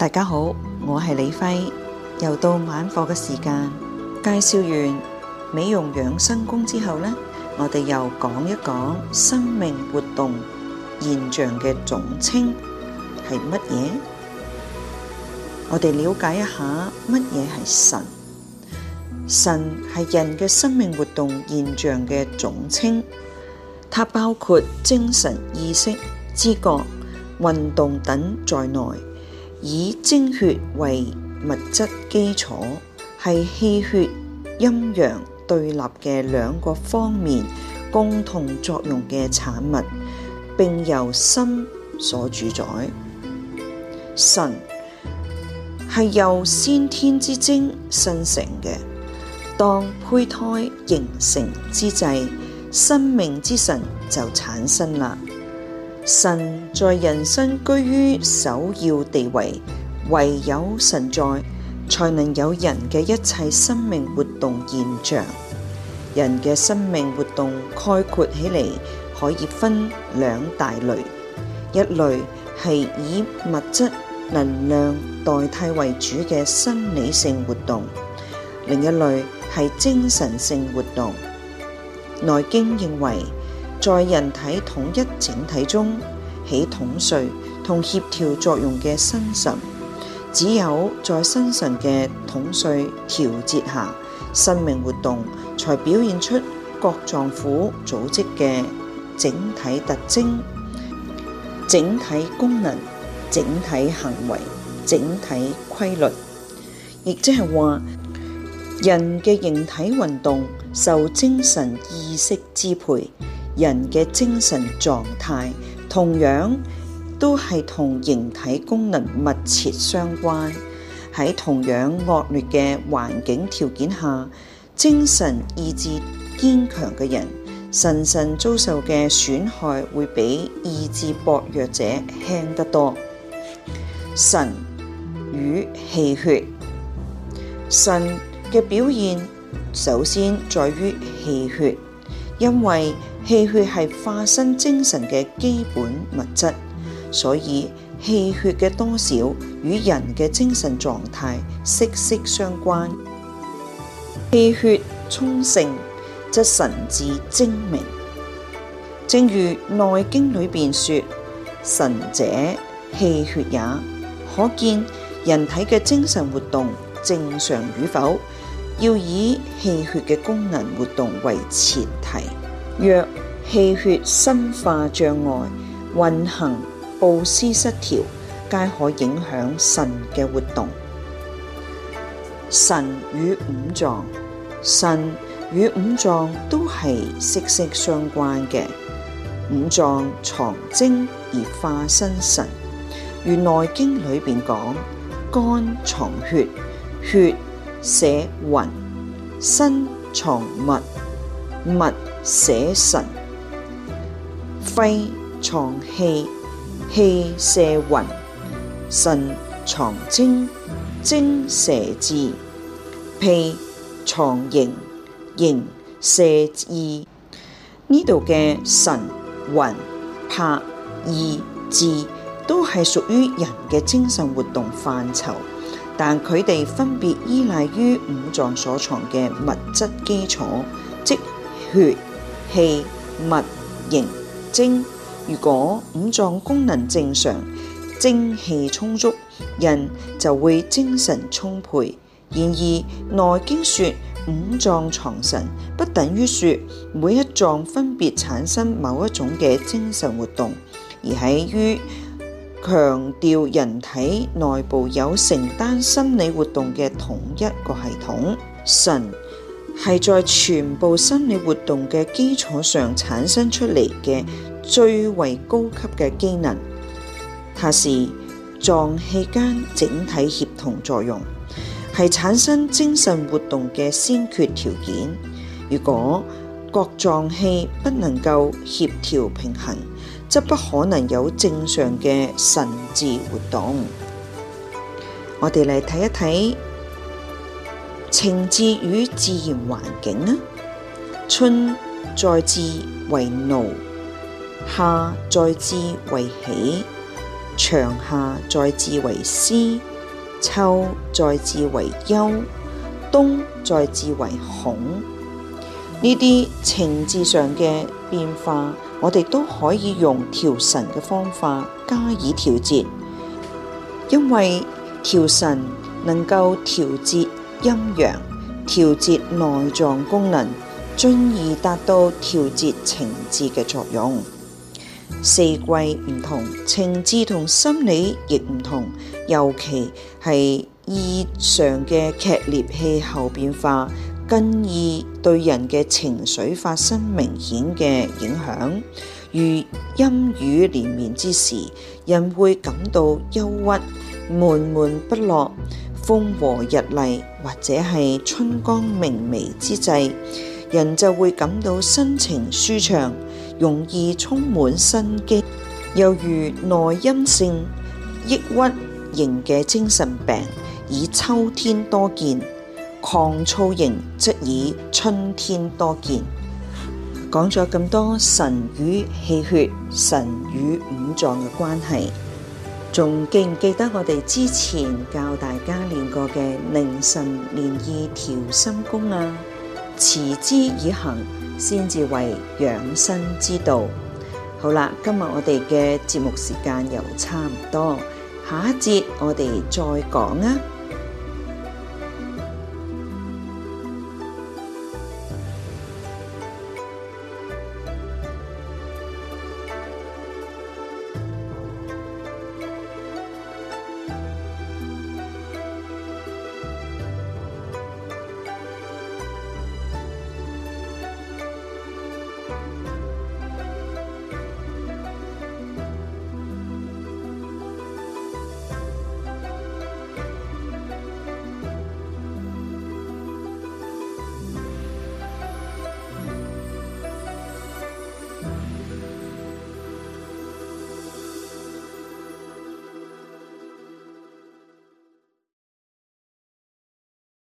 大家好，我係李輝。又到晚課嘅時間，介紹完美容養生功之後呢，我哋又講一講生命活動現象嘅總稱係乜嘢？我哋了解一下乜嘢係神？神係人嘅生命活動現象嘅總稱，它包括精神、意識、知覺、運動等在內。以精血為物質基礎，係氣血、陰陽對立嘅兩個方面共同作用嘅產物，並由心所主宰。神係由先天之精生成嘅，當胚胎形成之際，生命之神就產生啦。神在人生居於首要地位，唯有神在，才能有人嘅一切生命活動現象。人嘅生命活動概括起嚟，可以分兩大類，一類係以物質能量代替為主嘅生理性活動，另一類係精神性活動。內經認為。在人體統一整體中起統帥同協調作用嘅心神，只有在心神嘅統帥調節下，生命活動才表現出各臟腑組織嘅整體特徵、整體功能、整體行為、整體規律，亦即係話人嘅形體運動受精神意識支配。人嘅精神狀態同樣都係同形體功能密切相關。喺同樣惡劣嘅環境條件下，精神意志堅強嘅人，神神遭受嘅損害會比意志薄弱者輕得多。神與氣血，神嘅表現首先在於氣血，因為氣血係化身精神嘅基本物質，所以氣血嘅多少與人嘅精神狀態息息相關。氣血充盛，則神志精明。正如《內經》裏邊說：神者，氣血也。可見人體嘅精神活動正常與否，要以氣血嘅功能活動為前提。若氣血生化障礙，運行布施失調，皆可影響神嘅活動。神與五臟，神與五臟都係息息相關嘅。五臟藏精而化身神，如《內經》裏面講：肝藏血，血舍魂；身藏物，物。舍神，肺藏氣，氣舍魂；腎藏精，精舍志；脾藏營，營舍意。呢度嘅神、魂、魄、意、志，都係屬於人嘅精神活動範疇，但佢哋分別依賴於五臟所藏嘅物質基礎，即血。氣、物、形、精，如果五臟功能正常，精氣充足，人就會精神充沛。然而《內經》說五臟藏神，不等於說每一臟分別產生某一種嘅精神活動，而喺於強調人體內部有承擔心理活動嘅同一個系統神。係在全部生理活動嘅基礎上產生出嚟嘅，最為高級嘅機能，它是臟器間整體協同作用，係產生精神活動嘅先決條件。如果各臟器不能夠協調平衡，則不可能有正常嘅神志活動。我哋嚟睇一睇。情志與自然環境啊，春在志為怒，夏在志為喜，長夏在志為思，秋在志為憂，冬在志為恐。呢啲情志上嘅變化，我哋都可以用調神嘅方法加以調節，因為調神能夠調節。陰陽調節內臟功能，進而達到調節情志嘅作用。四季唔同，情志同心理亦唔同，尤其係異常嘅劇烈氣候變化，更易對人嘅情緒發生明顯嘅影響。如陰雨連綿之時，人會感到憂鬱、悶悶不樂。風和日麗，或者係春光明媚之際，人就會感到心情舒暢，容易充滿生機。又如內因性抑鬱型嘅精神病，以秋天多見；狂躁型則以春天多見。講咗咁多神與氣血、神與五臟嘅關係。仲記唔記得我哋之前教大家練過嘅凝神練意調心功啊？持之以恆，先至為養生之道。好啦，今日我哋嘅節目時間又差唔多，下一節我哋再講啊。